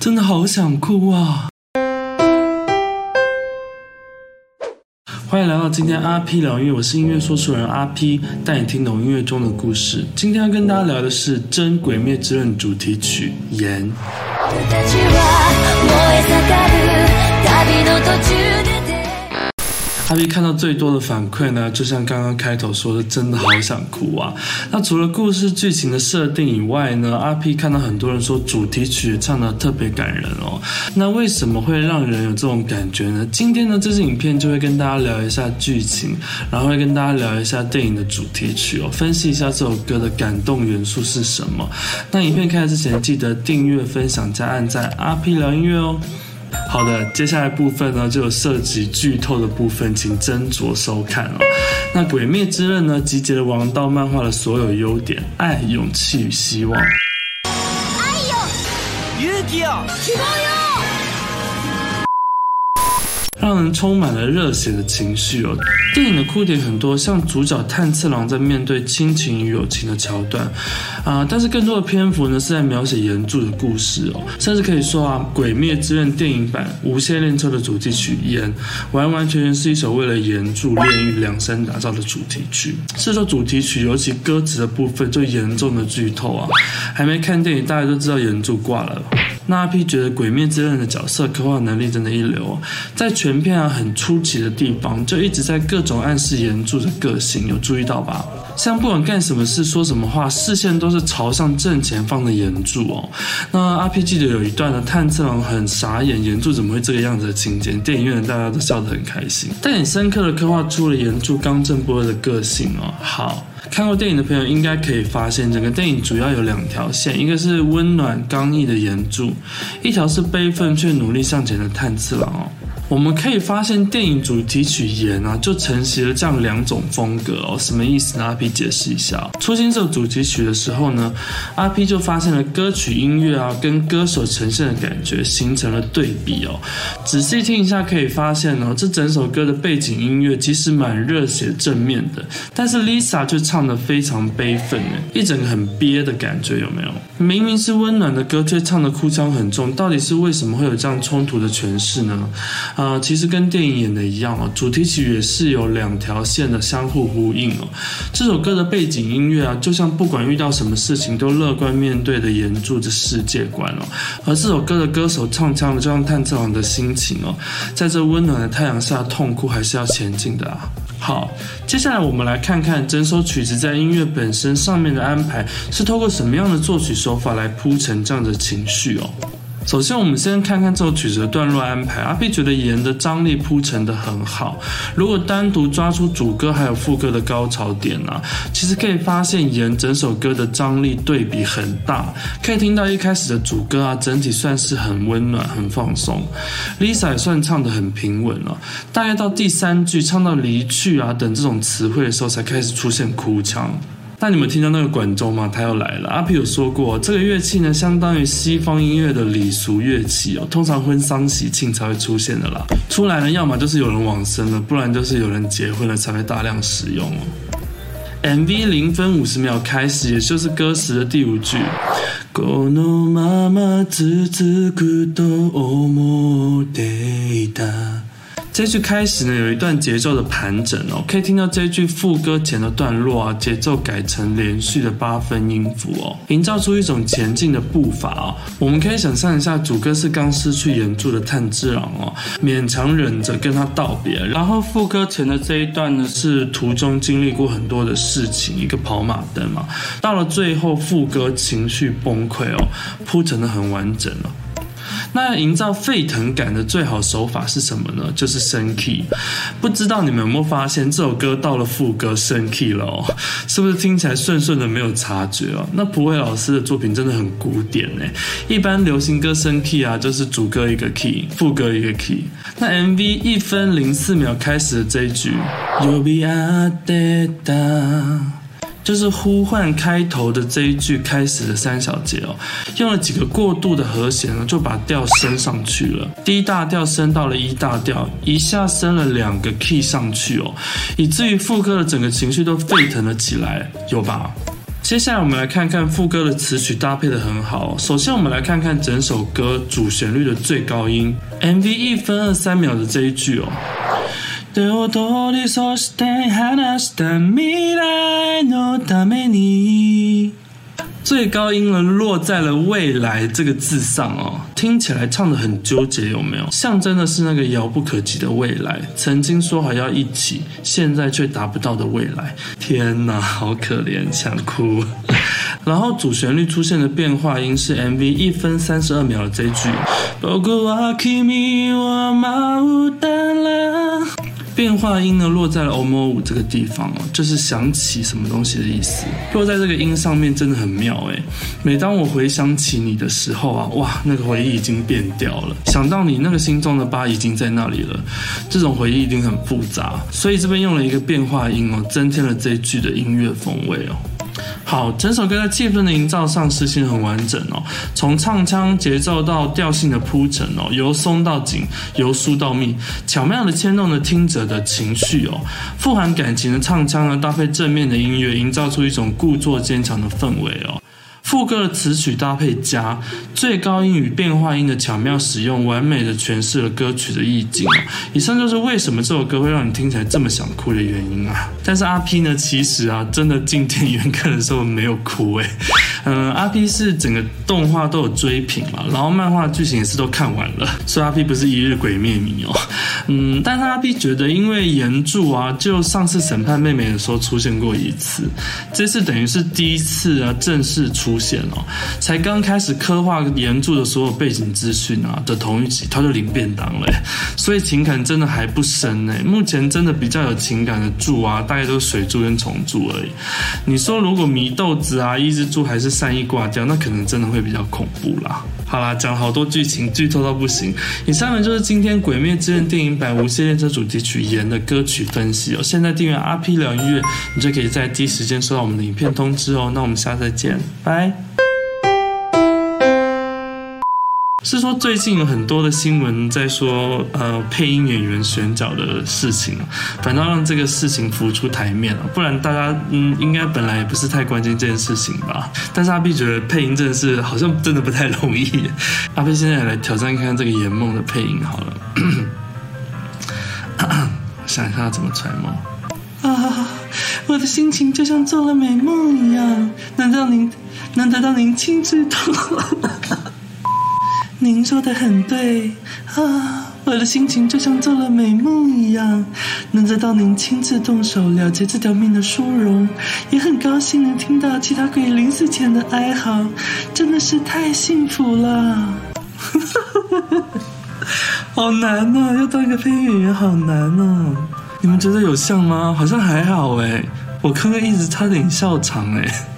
真的好想哭啊！歡迎來到今天阿 P 聊音樂，我是音樂說書人阿 P，帶你聽懂音樂中的故事。今天要跟大家聊的是《真·鬼滅之刃》主題曲《炎》。阿 P 看到最多的反饋呢，就像剛剛開頭說的，真的好想哭啊。那除了故事劇情的設定以外呢，阿 P 看到很多人說主題曲唱得特別感人哦。那為什麼會讓人有這種感覺呢？今天呢，這支影片就會跟大家聊一下劇情，然後會跟大家聊一下電影的主題曲哦，分析一下這首歌的感動元素是什麼。那影片開始之前，記得訂閱、分享、加按讚，阿 P 聊音樂哦。好的，接下來部分呢，就有涉及劇透的部分，請斟酌收看了哦。那《鬼滅之刃》呢，集結了王道漫畫的所有優點，愛、勇氣與希望。愛喲，勇氣喲，希望喲。讓人充滿了熱血的情緒哦。電影的哭點很多，像主角炭治郎在面對親情與友情的橋段啊、呃，但是更多的篇幅呢，是在描寫炎柱的故事哦。甚至可以說啊，《鬼滅之刃》電影版《無限列車》的主題曲《炎》，完完全全是一首為了炎柱煉獄量身打造的主題曲。這首主題曲尤其歌詞的部分，就嚴重的劇透啊，還沒看電影大家都知道炎柱掛了。那阿 P 覺得《鬼滅之刃》的角色刻畫能力真的一流哦，在全片啊很出奇的地方，就一直在各種暗示炎柱的個性，有注意到吧？像不管幹什麼事，說什麼話，視線都是朝向正前方的炎柱哦。那阿 P 記得有一段的炭治郎很傻眼，炎柱怎麼會這個樣子的情節。電影院的大家都笑得很開心，但也深刻地刻畫出了炎柱剛正不阿的個性哦。好。看過電影的朋友應該可以發現，整個電影主要有兩條線，一個是溫暖剛毅的炎柱，一條是悲憤卻努力向前的炭治郎。我們可以發現，電影主題曲《炎》啊就承襲了這樣兩種風格哦。什麼意思呢？阿 P 解釋一下哦。初聽這首主題曲的時候呢，阿 P 就發現了歌曲音樂啊，跟歌手呈現的感覺形成了對比哦。仔細聽一下，可以發現哦，這整首歌的背景音樂其實蠻熱血、正面的，但是 Lisa 卻唱得非常悲憤，一整個很憋的感覺，有沒有？明明是溫暖的歌，卻唱得哭腔很重，到底是為什麼會有這樣衝突的詮釋呢？啊、呃，其實跟電影演的一樣哦，主題曲也是有兩條線的相互呼應哦。這首歌的背景音樂啊，就像不管遇到什麼事情都樂觀面對的炎柱的世界觀哦。而這首歌的歌手唱腔呢，就像炭治郎的心情哦，在這溫暖的太陽下痛哭還是要前進的啊。好，接下來我們來看看整首曲子在音樂本身上面的安排，是透過什麼樣的作曲手法來鋪陳這樣的情緒哦。首先，我們先看看這首曲子的段落安排啊。阿 P 覺得炎的張力鋪陳得很好。如果單獨抓出主歌還有副歌的高潮點啊，其實可以發現炎整首歌的張力對比很大。可以聽到一開始的主歌啊，整體算是很溫暖、很放鬆。Lisa 也算唱得很平穩了啊，大概到第三句唱到離去啊等這種詞彙的時候，才開始出現哭腔。那你們聽到那個管鐘嗎？他又來了。阿 P 有說過，這個樂器呢，相當於西方音樂的禮俗樂器哦，通常婚喪喜慶才會出現的啦。出來呢，要麼就是有人往生了，不然就是有人結婚了才會大量使用哦。MV 零分五十秒開始，也就是歌詞的第五句。這一句開始呢，有一段節奏的盤整哦，可以聽到這一句副歌前的段落啊，節奏改成連續的八分音符哦，營造出一種前進的步伐哦，我們可以想象一下，主歌是剛失去援助的炭治郎哦，勉強忍着跟他道別，然後副歌前的這一段呢，是途中經歷過很多的事情，一個跑馬燈嘛。到了最後，副歌情緒崩潰哦，鋪陳的很完整哦。那營造沸騰感的最好手法是什麼呢？就是升 key。不知道你們有沒有發現，這首歌到了副歌升 key 了哦，是不是聽起來順順的，沒有察覺哦、啊？那梶浦老師的作品真的很古典哎、欸。一般流行歌升 key 啊，就是主歌一個 key，副歌一個 key。那 MV 一分零四秒開始的這一句，You'll be alright. 就是呼喚開頭的這一句開始的三小節哦，用了幾個過渡的和弦呢，就把調升上去了，D 大調升到了 E 大調，一下升了兩個 key 上去哦，以至於副歌的整個情緒都沸騰了起來，有吧？接下來我們來看看副歌的詞曲搭配得很好哦。首先我們來看看整首歌主旋律的最高音，MV 一分二三秒的這一句哦。最高音了，落在了“未來”這個字上哦，聽起來唱的很糾結，有沒有？象徵的是那個遙不可及的未來，曾經說好要一起，現在卻達不到的未來。天哪，好可憐，想哭。然後主旋律出現的變化音是 MV 一分三十二秒的這句。變化音呢，落在了歐摩五，這個地方哦、喔，就是想起什麼東西的意思。落在這個音上面真的很妙哎、欸。每當我回想起你的時候啊，哇，那個回憶已經變掉了。想到你那個心中的疤已經在那裡了，這種回憶已經很複雜。所以這邊用了一個變化音哦、喔，增添了這一句的音樂風味哦、喔。好，整首歌在氣氛的營造上實現很完整哦，從唱腔、節奏到調性的鋪陳哦，由鬆到緊，由疏到密，巧妙地牽動了聽者的情緒哦，富含感情的唱腔呢，搭配正面的音樂，營造出一種故作堅強的氛圍哦。副歌的詞曲搭配加最高音與變化音的巧妙使用，完美的詮釋了歌曲的意境。啊。以上就是為什麼這首歌會讓你聽起來這麼想哭的原因啊！但是阿 P 呢？其實啊，真的進電影院看的時候沒有哭誒、欸。嗯，阿 P 是整個動畫都有追評嘛，然後漫畫劇情也是都看完了，所以阿 P 不是一日鬼滅迷哦。嗯，但是阿 P 覺得，因為炎柱啊，就上次審判妹妹的時候出現過一次，這次等於是第一次啊正式出現哦，才剛開始刻畫炎柱的所有背景資訊啊的同一集，他就領便當了，所以情感真的還不深呢。目前真的比較有情感的柱啊，大概都是水柱跟蟲柱而已。你說如果祢豆子啊，一直柱還是？善意掛掉，那可能真的會比較恐怖啦。好啦，講了好多劇情，劇透到不行。以上呢就是今天《鬼滅之刃》電影版《無限列車》主題曲《炎》的歌曲分析哦。現在訂閱阿 P 聊音樂，你就可以在第一時間收到我們的影片通知哦。那我們下次再見，拜。是說最近有很多的新聞在說，呃，配音演員選角的事情，啊，反倒讓這個事情浮出台面了，啊，不然大家嗯，應該本來也不是太關心這件事情吧。但是阿 P 覺得配音真的是好像真的不太容易。阿 P 現在來挑戰一下這個魘夢的配音好了，想一下怎麼揣摩啊，我的心情就像做了美夢一樣，能得到您，能得到您親自的。您說得很對啊，我的心情就像做了美夢一樣，能得到您親自動手了結這條命的殊榮，也很高興能聽到其他鬼臨死前的哀嚎，真的是太幸福了。 好難吶、啊，要當一個配音演員好難吶、啊。你們覺得有像嗎？好像還好哎，我剛剛一直差點笑場哎。